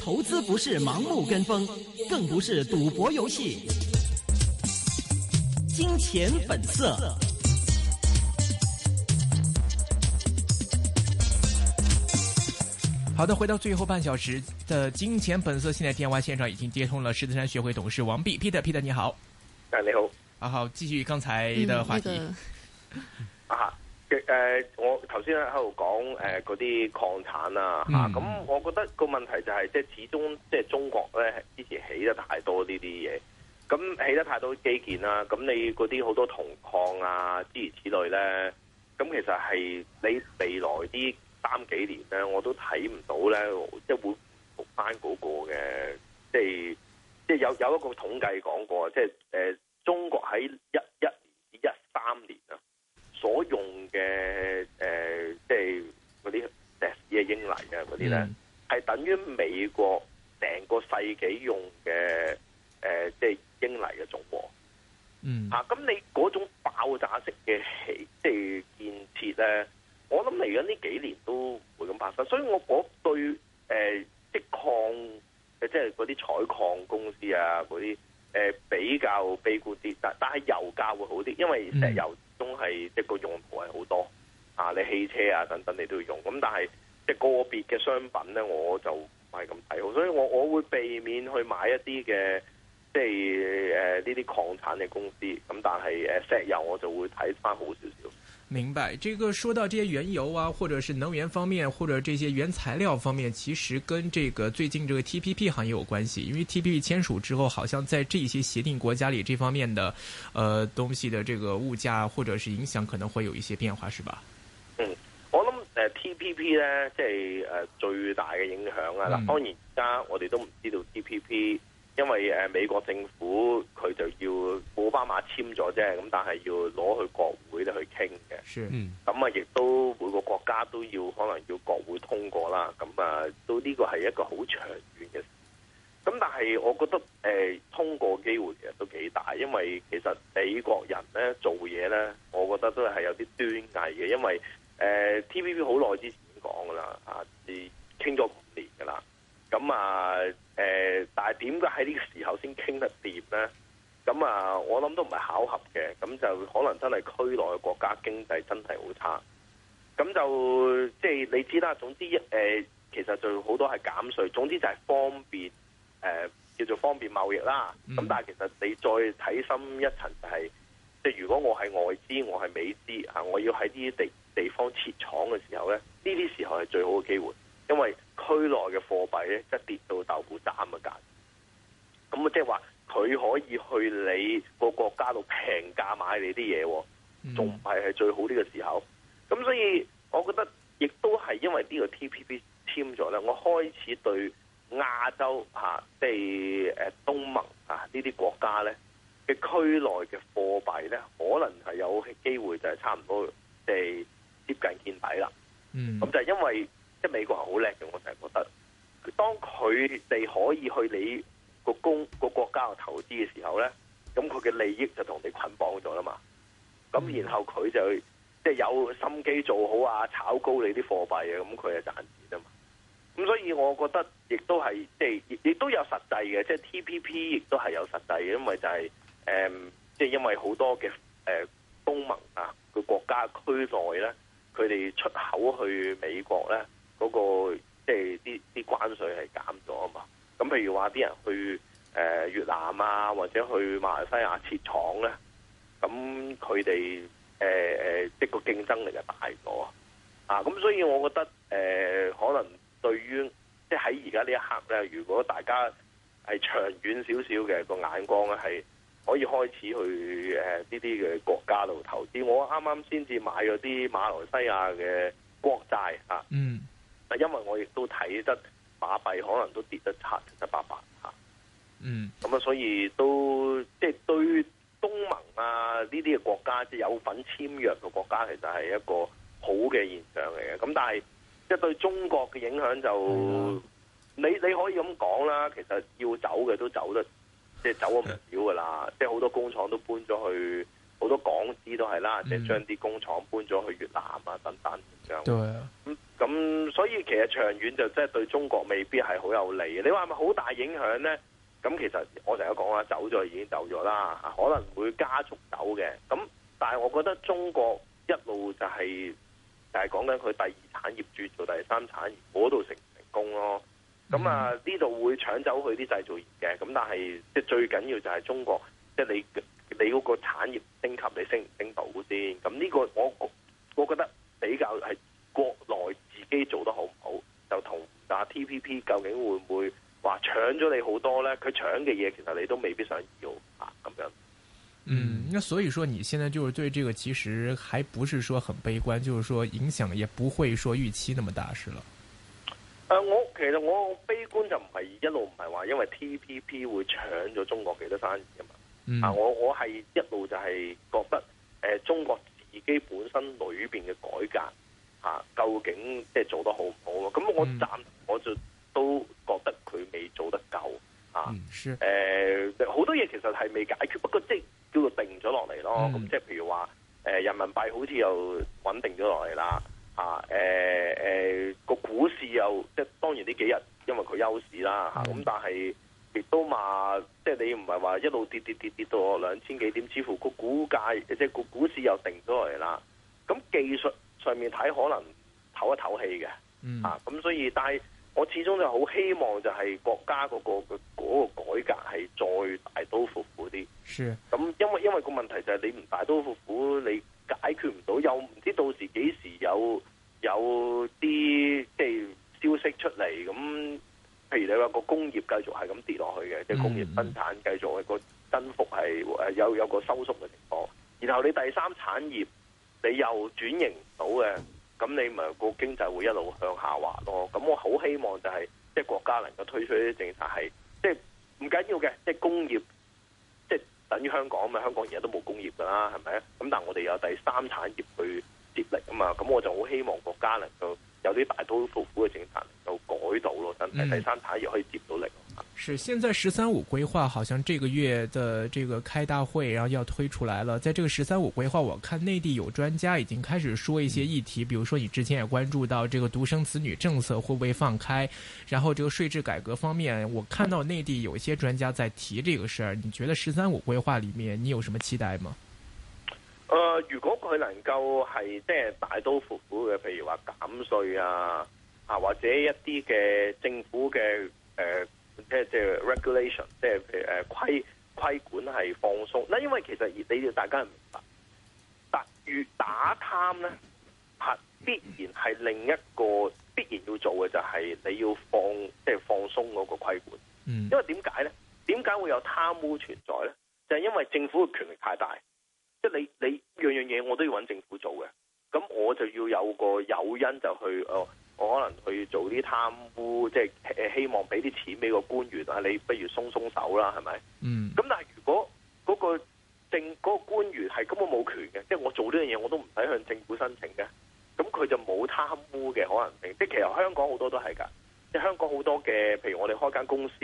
投資不是盲目跟風，更不是賭博遊戲。金錢本色。好的，回到最後半小時的《金錢本色》，現在電話現場已經接通了獅子山學會董事王弼。Peter，Peter，Peter 你，你好。啊你好。好，繼續剛才的話題。嗯這個、啊嘅、呃、我頭先咧喺度講誒嗰啲礦產啊，嚇、嗯、咁，啊、我覺得個問題就係即係始終即係、就是、中國咧，之前起得太多呢啲嘢，咁起得太多基建啦、啊，咁你嗰啲好多銅礦啊諸如此類咧，咁其實係你未來啲三幾年咧，我都睇唔到咧，即、就、係、是、會復翻嗰個嘅，即係即係有有一個統計講過即係誒中國喺一一年至一三年啊。所用嘅誒，即係嗰啲石屎英泥嘅嗰啲咧，係等於美國成個世紀用嘅即、呃就是、英泥嘅總和。嗯、mm.，啊，咁你嗰種爆炸式嘅，起即、就、係、是、建設咧，我諗嚟緊呢幾年都會咁發生。所以我嗰對誒、呃，即礦即係嗰啲採礦公司啊，嗰啲。誒，比較悲觀啲，但但係油價會好啲，因為石油都係一個用途係好多，啊，你汽車啊等等你都要用，咁但係即係個別嘅商品咧，我就唔係咁睇好，所以我我會避免去買一啲嘅即係誒呢啲礦產嘅公司，咁但係誒石油我就會睇翻好少少。明白，這個說到這些原油啊，或者是能源方面，或者這些原材料方面，其實跟這個最近這個 T P P 行業有關係，因為 T P P 簽署之後，好像在這些協定國家裏這方面的，呃東西的這個物價或者是影響可能會有一些變化，是吧？嗯，我諗誒、呃、T P P 呢，即係誒最大嘅影響啊。嗱、嗯，當然而家我哋都唔知道 T P P，因為誒、呃、美國政府佢就要奧巴馬簽咗啫，咁但係要攞去國會。嗯，咁啊，亦都每個國家都要可能要國會通過啦。咁啊，都呢個係一個好長遠嘅事。咁但係我覺得誒、呃、通過機會其實都幾大，因為其實美國人咧做嘢咧，我覺得都係有啲端倪嘅。因為誒、呃、TVB 好耐之前講噶啦，啊，傾咗五年噶啦。咁啊誒，但係點解喺呢個時候先傾得掂咧？咁啊，我諗都唔係巧合嘅，咁就可能真係區內國家經濟真係好差，咁就即係、就是、你知啦。總之，誒、呃，其實就好多係減稅，總之就係方便，誒、呃，叫做方便貿易啦。咁、嗯、但係其實你再睇深一層、就是，就係即係如果我係外資，我係美資啊，我要喺呢啲地地方設廠嘅時候咧，呢啲時候係最好嘅機會，因為區內嘅貨幣咧，即係跌到豆腐渣嘅價，咁啊，即係話。你可以去你個國家度平價買你啲嘢，仲唔係係最好啲嘅時候？咁所以，我覺得亦都係因為呢個 TPP 簽咗咧，我開始對亞洲嚇，即係誒東盟啊呢啲國家咧嘅區內嘅貨幣咧，可能係有機會就係差唔多，即係接近見底啦。嗯，咁就係因為即係美國係好叻嘅，我就係覺得，當佢哋可以去你。咁佢嘅利益就同你捆綁咗啦嘛，咁然後佢就即係、就是、有心機做好啊，炒高你啲貨幣啊，咁佢係賺錢啊嘛。咁所以我覺得亦都係，即係亦都有實際嘅，即係 TPP 亦都係有實際嘅，因為就係、是、誒，即、嗯、係、就是、因為好多嘅誒東盟啊嘅國家區內咧，佢哋出口去美國咧，嗰、那個即係啲啲關稅係減咗啊嘛。咁譬如話啲人去。誒，越南啊，或者去馬來西亞設廠咧，咁佢哋誒誒，即、呃，個競爭力就大咗啊！咁所以我覺得誒、呃，可能對於即喺而家呢一刻咧，如果大家係長遠少少嘅個眼光咧，係可以開始去誒呢啲嘅國家度投資。我啱啱先至買咗啲馬來西亞嘅國債啊，嗯，但因為我亦都睇得馬幣可能都跌得七七八八吓。嗯，咁啊，所以都即係、就是、對東盟啊呢啲嘅國家即係、就是、有份簽約嘅國家，其實係一個好嘅現象嚟嘅。咁但係即係對中國嘅影響就，嗯、你你可以咁講啦。其實要走嘅都走得即係走咗唔少噶啦，即係好多工廠都搬咗去，好多港資都係啦，即係將啲工廠搬咗去越南啊等等咁樣。咁、嗯、咁、對啊、所以其實長遠就即係、就是、對中國未必係好有利。你話係咪好大影響咧？咁其實我成日講啦，走咗已經走咗啦，可能會加速走嘅。咁但係我覺得中國一路就係就係講緊佢第二產業轉做第三產業，嗰度成唔成功咯？咁啊呢度會搶走佢啲製造業嘅。咁但係即係最緊要就係中國，即係你你嗰個產業升級你升唔升到先？咁呢個我我覺得比較係國內自己做得好唔好，就同打 TPP 究竟會唔會？話搶咗你好多咧，佢搶嘅嘢，其實你都未必想要啊，咁樣。嗯，那所以說你現在就是對這個其實還不是說很悲觀，就是說影響也不會說預期那麼大，是了。誒、呃，我其實我悲觀就唔係一路唔係話，因為 TPP 會搶咗中國幾多生意啊嘛、嗯。啊，我我係一路就係覺得誒、呃，中國自己本身裏邊嘅改革啊，究竟即係做得好唔好咯？咁我暫停我就。嗯未做得夠啊！誒、嗯、好、呃、多嘢其實係未解決，不過即係叫做定咗落嚟咯。咁即係譬如話，誒、呃、人民幣好似又穩定咗落嚟啦。啊誒誒個股市又即係當然呢幾日因為佢休市啦嚇。咁、啊嗯、但係亦都話即係你唔係話一路跌跌跌跌到兩千幾點，似乎個股價即係個股市又定咗落嚟啦。咁技術上面睇可能唞一唞氣嘅，啊咁所以但係。我始終就好希望就係國家嗰、嗰個嗰個改革係再大刀闊斧啲。咁、嗯、因為因為個問題就係你唔大刀闊斧，你解決唔到，又唔知到時幾時有有啲即係消息出嚟。咁譬如你話個工業繼續係咁跌落去嘅，即、嗯、係工業生產繼續係個增幅係有有個收縮嘅情況。然後你第三產業你又轉型唔到嘅。咁你咪個經濟會一路向下滑咯。咁我好希望就係、是、即係國家能夠推出呢啲政策，係即係唔緊要嘅，即係工業即係等於香港啊嘛。香港而家都冇工業噶啦，係咪？咁但係我哋有第三產業去接力啊嘛。咁我就好希望國家能夠有啲大刀闊斧嘅政策能夠改到咯，等第三產業可以。是現在“十三五”規劃好像這個月的這個開大會，然後要推出來了。在這個“十三五”規劃，我看內地有專家已經開始說一些議題、嗯，比如說你之前也關注到這個獨生子女政策會不會放開，然後這個稅制改革方面，我看到內地有一些專家在提這個事兒。你覺得“十三五”規劃裡面你有什麼期待嗎？呃，如果佢能夠係即係大刀闊斧嘅，譬如話減稅啊，啊或者一啲嘅政府嘅，誒。呃即即 regulation，即係規規管係放鬆。因為其實你哋大家明白，打越打貪咧，必然係另一個必然要做嘅就係、是、你要放即係放鬆嗰個規管。嗯，因為點解咧？點解會有貪污存在咧？就係、是、因為政府嘅權力太大，即、就、係、是、你你樣樣嘢我都要揾政府做嘅，咁我就要有個誘因就去我可能去做啲貪污，即係希望俾啲錢俾個官員啊，你不如鬆鬆手啦，係咪？嗯。咁但係如果嗰個政嗰個官員係根本冇權嘅，即係我做呢樣嘢我都唔使向政府申請嘅，咁佢就冇貪污嘅可能性。即係其實香港好多都係㗎，即係香港好多嘅，譬如我哋開間公司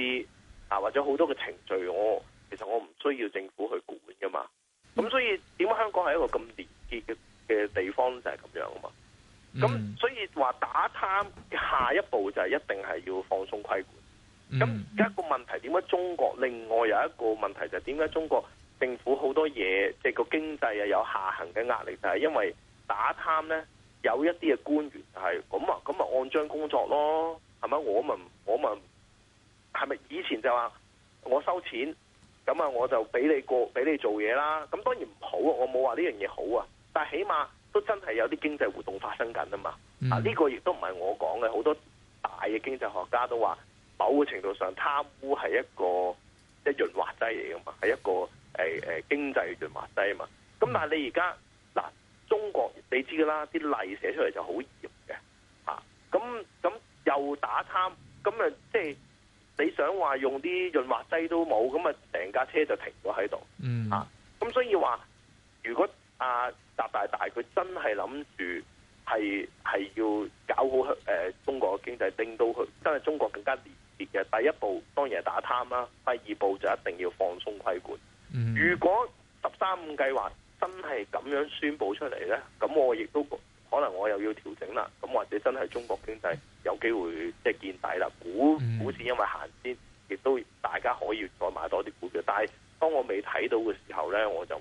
啊，或者好多嘅程序，我其實我唔需要政府去管噶嘛。咁所以點解香港係一個咁廉潔嘅嘅地方就係咁樣啊嘛？是咁、嗯、所以話打貪下一步就係一定係要放鬆規管。咁而家個問題點解中國另外有一個問題就係點解中國政府好多嘢，即係個經濟啊有下行嘅壓力，就係因為打貪咧有一啲嘅官員係，咁啊咁啊按章工作咯，係咪？我問我問係咪以前就話，我收錢，咁啊我就俾你過俾你做嘢啦。咁當然唔好，啊，我冇話呢樣嘢好啊。但係起碼。都真係有啲經濟活動發生緊啊嘛、嗯！啊、呢、這個亦都唔係我講嘅，好多大嘅經濟學家都話，某個程度上貪污係一個即係、就是、潤滑劑嚟噶嘛，係一個誒誒、欸欸、經濟潤滑劑啊嘛。咁、嗯、但係你而家嗱，中國你知噶啦，啲例寫出嚟就好嚴嘅嚇。咁、啊、咁又打貪，咁啊即係你想話用啲潤滑劑都冇，咁啊成架車就停咗喺度嚇。咁、嗯啊、所以話，如果啊～習大大佢真係諗住係係要搞好誒、呃，中國嘅經濟，令到佢真係中國更加廉潔嘅。第一步當然係打貪啦，第二步就一定要放鬆規管、嗯。如果十三五計劃真係咁樣宣布出嚟呢，咁我亦都可能我又要調整啦。咁或者真係中國經濟有機會即係見底啦。股股市因為行先，亦都大家可以再買多啲股票。但係當我未睇到嘅時候呢，我就。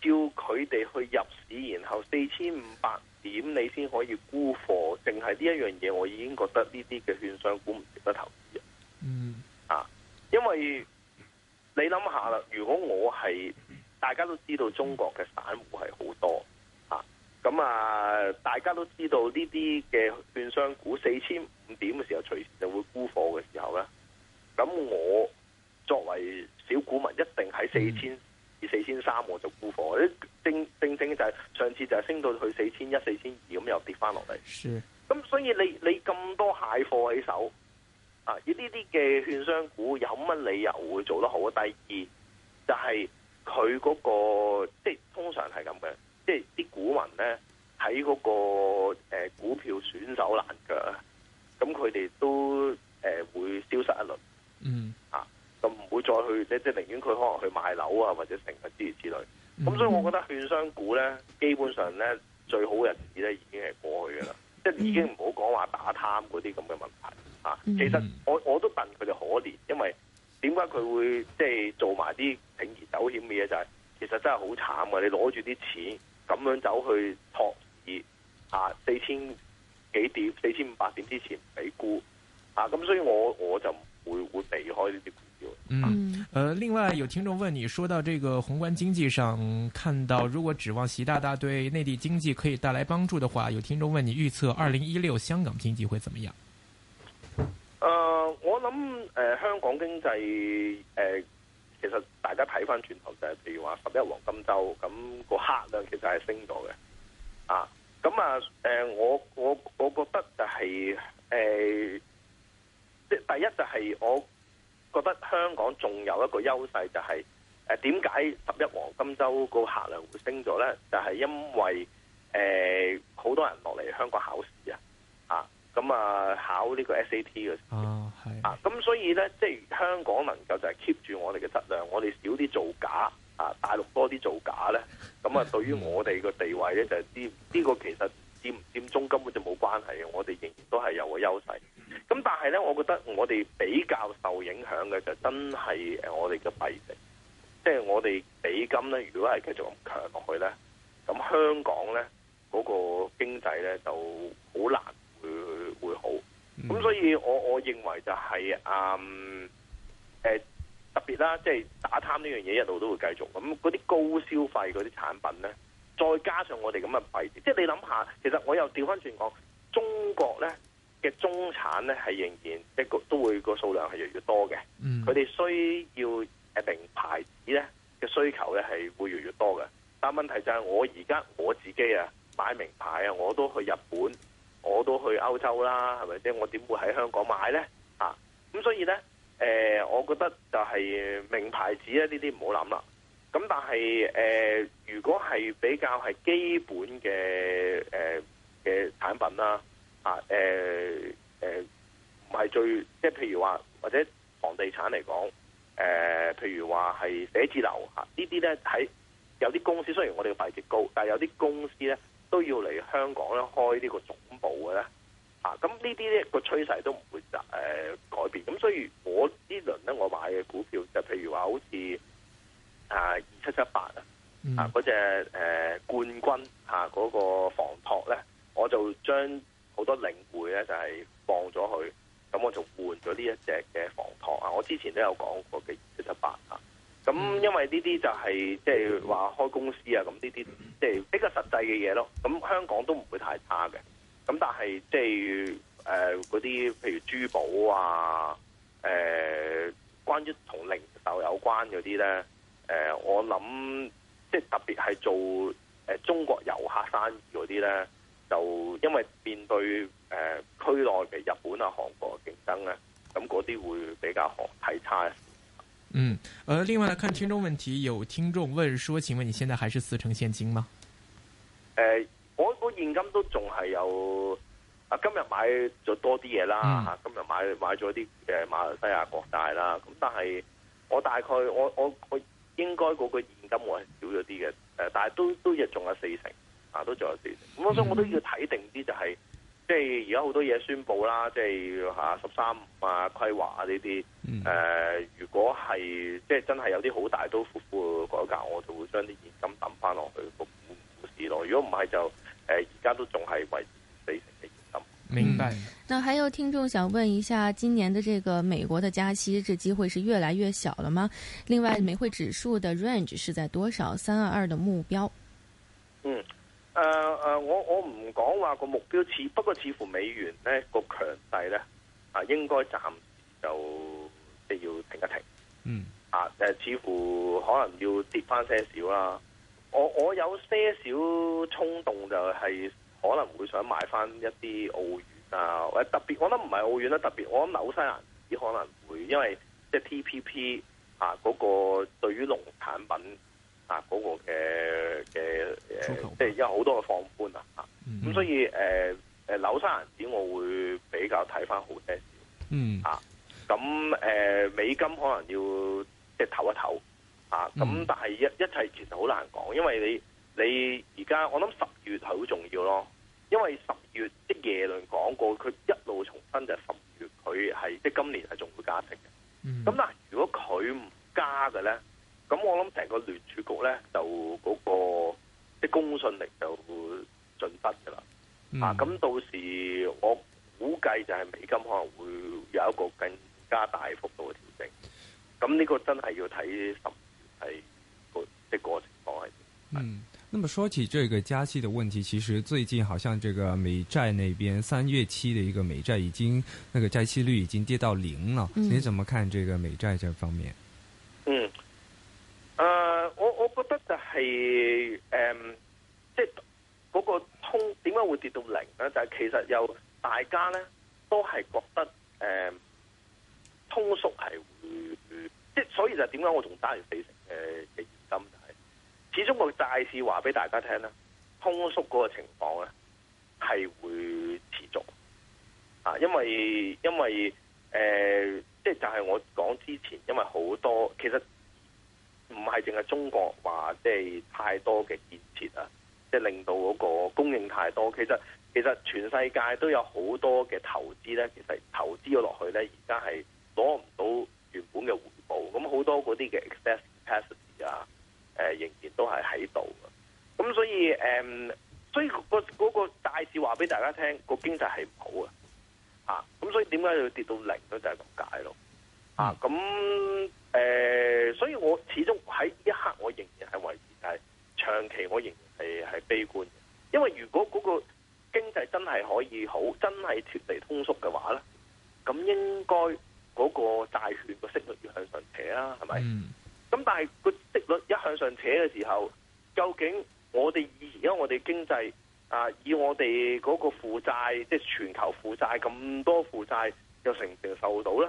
叫佢哋去入市，然後四千五百點你先可以沽貨，淨係呢一樣嘢。我已經覺得呢啲嘅券商股唔值得投資啊。嗯，啊，因為你諗下啦，如果我係大家都知道中國嘅散戶係好多啊，咁啊，大家都知道呢啲嘅券商股四千五點嘅時候隨時就會沽貨嘅時候咧，咁我作為小股民一定喺四千。四千三我就沽貨，正正正就係上次就係升到去四千一、四千二咁又跌翻落嚟。是，咁所以你你咁多蟹貨喺手，啊，呢啲嘅券商股有乜理由會做得好？第二就係佢嗰個，即係通常係咁嘅，即係啲股民呢喺嗰、嗰個誒、呃、股票選手難嘅，咁佢哋都誒、呃、會消失一輪。嗯，啊。咁唔會再去咧，即、就、係、是、寧願佢可能去賣樓啊，或者成日之類之類。咁所以，我覺得券商股咧，基本上咧最好日子咧已經係過去噶啦、嗯，即係已經唔好講話打貪嗰啲咁嘅問題啊、嗯。其實我我都笨佢哋可憐，因為點解佢會即係、就是、做埋啲鋌而走險嘅嘢、就是？就係其實真係好慘啊，你攞住啲錢咁樣走去託市啊，四千幾點、四千五百點之前唔俾沽啊。咁所以我我就唔會會避開呢啲。嗯，誒、呃，另外有聽眾問你，說到這個宏觀經濟上，看到如果指望習大大對內地經濟可以帶來幫助的話，有聽眾問你預測二零一六香港經濟會怎麼樣？誒、呃，我諗誒、呃，香港經濟、呃、其實大家睇翻轉頭就係，譬如話十一黃金周咁個客量其實係升咗嘅，啊，咁啊，誒、呃，我我我覺得就係、是呃、即第一就係我。覺得香港仲有一個優勢，就係誒點解十一黃金週個客量會升咗咧？就係、是、因為誒好、呃、多人落嚟香港考試啊，啊咁啊考呢個 SAT 嘅、哦、啊，咁所以咧，即係香港能夠就係 keep 住我哋嘅質量，我哋少啲造假啊，大陸多啲造假咧，咁啊對於我哋嘅地位咧，就係呢呢個其實佔唔佔中根本就冇關係嘅，我哋仍然。我覺得我哋比較受影響嘅就是真係誒我哋嘅幣值，即係我哋比金咧。如果係繼續咁強落去咧，咁香港咧嗰個經濟咧就好難會會好。咁所以我我認為就係，誒，嗯，呃，特別啦，即係打貪呢樣嘢一路都會繼續。咁嗰啲高消費嗰啲產品咧，再加上我哋咁嘅幣值，即係你諗下，其實我又調翻轉講中國咧。嘅中產咧係仍然一個都會個數量係越嚟越多嘅，佢、嗯、哋需要誒名牌子咧嘅需求咧係會越嚟越多嘅。但問題就係我而家我自己啊買名牌啊，我都去日本，我都去歐洲啦，係咪即我點會喺香港買咧？啊，咁所以咧，誒、呃，我覺得就係名牌子咧呢啲唔好諗啦。咁但係誒、呃，如果係比較係基本嘅誒嘅產品啦。啊，誒、呃、誒，唔、呃、係最，即係譬如話，或者房地產嚟講，誒、呃，譬如話係寫字樓啊，呢啲咧喺有啲公司，雖然我哋嘅幣值高，但係有啲公司咧都要嚟香港咧開呢個總部嘅咧，啊，咁呢啲咧個趨勢都唔會誒、啊、改變，咁所以我，我這輪呢輪咧我買嘅股票就譬如話好似啊二七七八啊，2778，啊嗰隻誒冠軍吓嗰、啊那個房託咧，我就將。好多領匯咧就係放咗佢，咁我仲換咗呢一隻嘅房託啊！我之前都有講過嘅七七八啊，咁因為呢啲就係即係話開公司啊，咁呢啲即係比較實際嘅嘢咯。咁香港都唔會太差嘅，咁但係即係誒嗰啲譬如珠寶啊，誒、呃、關於同零售有關嗰啲咧，誒、呃、我諗即係特別係做誒中國遊客生意嗰啲咧。就因為面對誒、呃、區內嘅日本啊、韓國嘅競爭咧，咁嗰啲會比較好睇差嗯。誒、呃，另外咧，看聽眾問題，有聽眾問說：請問你現在還是四成現金嗎？誒、呃，我嗰現金都仲係有啊，今日買咗多啲嘢啦，今日買買咗啲誒馬來西亞國債啦，咁但係我大概我我我應該嗰個現金我係少咗啲嘅，誒，但係都都亦仲有四成。都做一啲，咁所以我都要睇定啲，就係即係而家好多嘢宣布啦，即係吓十三五啊規劃啊呢啲，誒，如果係即係真係有啲好大都互補嘅改革，我就會將啲現金抌翻落去股股市咯。如果唔係就誒，而家都仲係四成嘅現金。明白。那還有聽眾想問一下，今年嘅這個美國嘅加息，這機會是越來越小了嗎？另外，美匯指數的 range 是在多少？三二二的目標？嗯。講話個目標似，不過似乎美元呢個強勢呢啊，應該暫時就即係要停一停，嗯啊誒似乎可能要跌返些少啦。我我有些少衝動就係可能會想買返一啲澳元啊，或者特別我諗唔係澳元啦，特別我諗紐西蘭隻可能會因為即係 TPP 啊嗰個對於農產品。啊！嗰、那個嘅嘅誒，即係有好多嘅放寬啊！嚇咁，所以誒誒，紐、呃、西蘭紙我會比較睇翻好些少。嗯、mm -hmm. 啊，咁誒、呃，美金可能要即係唞一唞，啊！咁但係一一切其實好難講，因為你你而家我諗十月係好重要咯，因為十月即係耶倫講過，佢一路重申就係十月佢係即係今年係仲會加息嘅。咁、mm -hmm. 但係如果佢唔加嘅咧？咁我諗成個聯儲局咧，就嗰、那個即、就是、公信力就盡失噶啦、嗯。啊，咁到時我估計就係美金可能會有一個更加大幅度嘅調整。咁呢個真係要睇十係個即個，個情況。嗯，那麼說起這個加息的問題，其實最近好像這個美債那邊三月期的一個美債已經那個債息率已經跌到零了。嗯、你怎麼看這個美債這方面？嗯，即係嗰、那個通點解會跌到零咧？就係、是、其實又大家咧都係覺得誒、嗯、通縮係會，即係所以就點解我同單住四成嘅現金，就係始終個債市話俾大家聽咧，通縮嗰個情況咧係會持續啊，因為因為誒即係就係、是、我講之前，因為好多其實。唔係淨係中國話，即係太多嘅建設啊，即係令到嗰個供應太多。其實其實全世界都有好多嘅投資咧，其實投資咗落去咧，而家係攞唔到原本嘅回報。咁好多嗰啲嘅 excess capacity 啊，誒、呃、仍然都係喺度嘅。咁所以誒、嗯，所以、個嗰、個大市話俾大家聽，個經濟係唔好啊。啊，咁所以點解要跌到零咧，就係咁解咯。啊，咁誒、呃，所以我始終喺一刻，我仍然係維持係長期，我仍然係係悲觀嘅。因為如果嗰個經濟真係可以好，真係脫離通縮嘅話咧，咁應該嗰個債券個息率要向上扯啦，係咪？咁、嗯、但係個息率一向上扯嘅時候，究竟我哋而家我哋經濟啊，以我哋嗰個負債，即係全球負債咁多負債，又承唔承受到咧？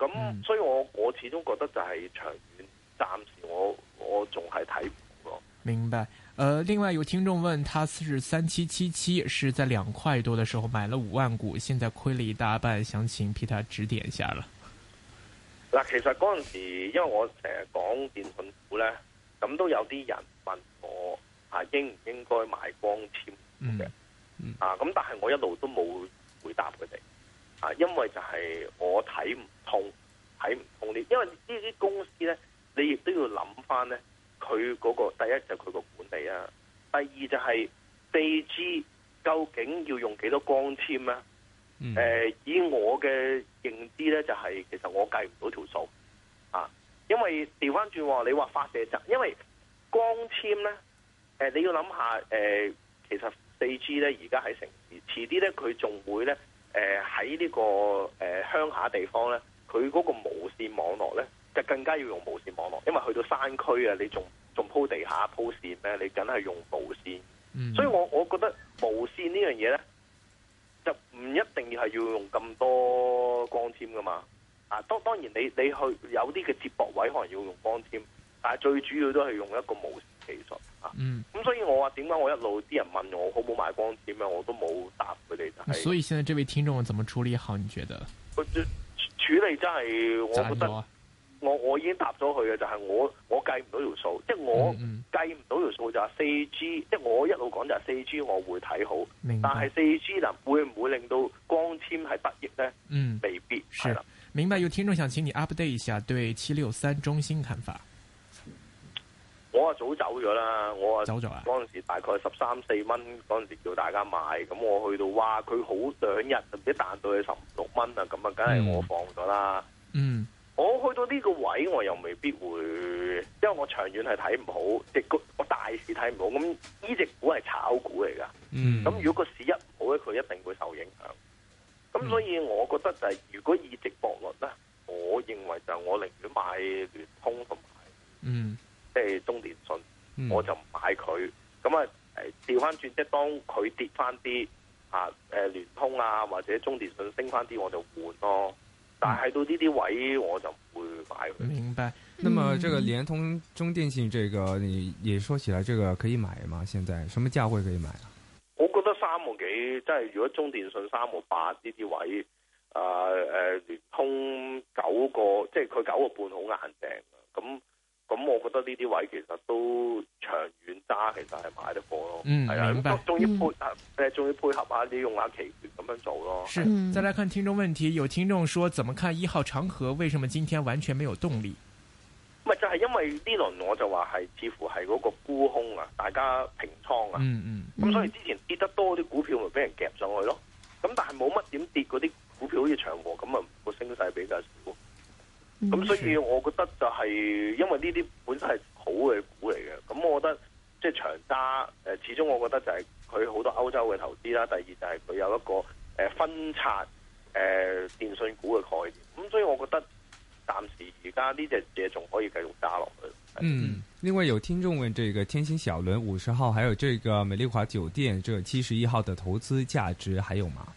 咁、嗯，所以我我始終覺得就係長遠，暫時我我仲係睇唔到。明白。誒、呃，另外有聽眾問他，是三七七七是在兩塊多的時候買了五萬股，現在虧了一大半，想請 Peter 指點一下啦。其實嗰陣時候，因為我成日講電信股咧，咁都有啲人問我啊，應唔應該買光纖股嘅？啊、嗯、咁、嗯、但係我一路都冇回答佢哋。啊，因為就係我睇唔通，睇唔通啲，因為呢啲公司咧，你亦都要諗翻咧，佢嗰個第一就係佢個管理啊，第二就係四 G 究竟要用幾多光纖啊？誒、嗯。呃有啲嘅接駁位可能要用光纖，但係最主要都係用一個無線技術、嗯、啊。咁所以我話點解我一路啲人問我好唔好買光纖呀，我都冇答佢哋、就是。所以現在這位聽眾怎麼處理好？你覺得？處理真係我覺得，啊、我我已經答咗佢嘅，就係、是、我我計唔到條數，即、就、係、是、我計唔到條數、嗯嗯、就係四 G，即係我一路講就係四 G 我會睇好，但係四 G 嗱會唔會令到光纖係不益咧？嗯，未必係啦。明白，有聽眾想請你 update 一下對七六三中心看法。我啊早走咗啦，我啊走咗啦。嗰陣時大概十三四蚊，嗰陣時叫大家買，咁我去到哇佢好兩日，一彈到去十六蚊啊，咁啊梗係我放咗啦。嗯，我去到呢個位我又未必會，因為我長遠係睇唔好，即我大市睇唔好，咁呢隻股係炒股嚟噶。咁如果個市一唔好咧，佢一定會受影響。咁、嗯、所以，我覺得就係如果以值博率咧，我認為就我寧願買聯通同埋，嗯，即係中電信，嗯、我就唔買佢。咁、嗯、啊，調翻轉即係當佢跌翻啲，啊，誒聯通啊或者中電信升翻啲，我就換咯。但係到呢啲位我就唔會買它。明、嗯、白。那麼這個聯通、中電信這個、嗯、你，也說起來，這個可以買嗎？現在什麼價位可以買啊？三個幾，即係如果中電信三個八呢啲位，啊誒，聯通九個，即係佢九個半好硬淨，咁咁，我覺得呢啲位其實都長遠揸，其實係買得過咯。嗯，明白。咁仲要配誒，仲要配合下啲用下期權咁樣做咯。再嚟看聽眾問題，有聽眾說，怎麼看《一號長河》？為什麼今天完全沒有動力？咪就係因為呢輪我就話係，似乎係嗰個沽空啊，大家平倉啊，咁所以之前。得多啲股票咪俾人夾上去咯，咁但係冇乜點跌嗰啲股票好似長和咁啊，個升勢比較少，咁、嗯、所以我覺得就係因為呢啲本身係好嘅股嚟嘅，咁我覺得即係、就是、長揸，誒、呃，始終我覺得就係佢好多歐洲嘅投資啦，第二就係佢有一個誒分拆誒、呃、電信股嘅概念，咁所以我覺得暫時而家呢隻嘢仲可以繼續揸落去。嗯，另外有聽眾問，這個天星小輪五十號，還有這個美麗華酒店這七十一號的投資價值還有嗎？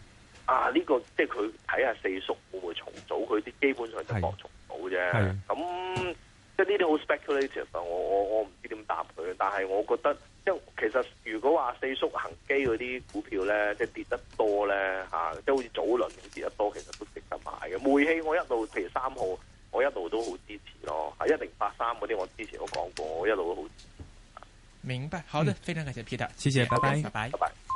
啊，呢個即係佢睇下四叔會唔會重組，佢啲基本上就博重組啫。咁即係呢啲好 speculative，我我我唔知點答佢。但係我覺得即係其實如果話四叔恒基嗰啲股票咧，即係跌得多咧，吓即係好似早輪咁跌得多，其實都值得買嘅。煤氣我一路譬如三號。我一路都好支持咯，喺一零八三嗰啲我之前都講過，我一路都好支持。明白，好的，嗯，非常感謝 Peter，謝謝，謝謝，拜拜，拜拜，拜拜。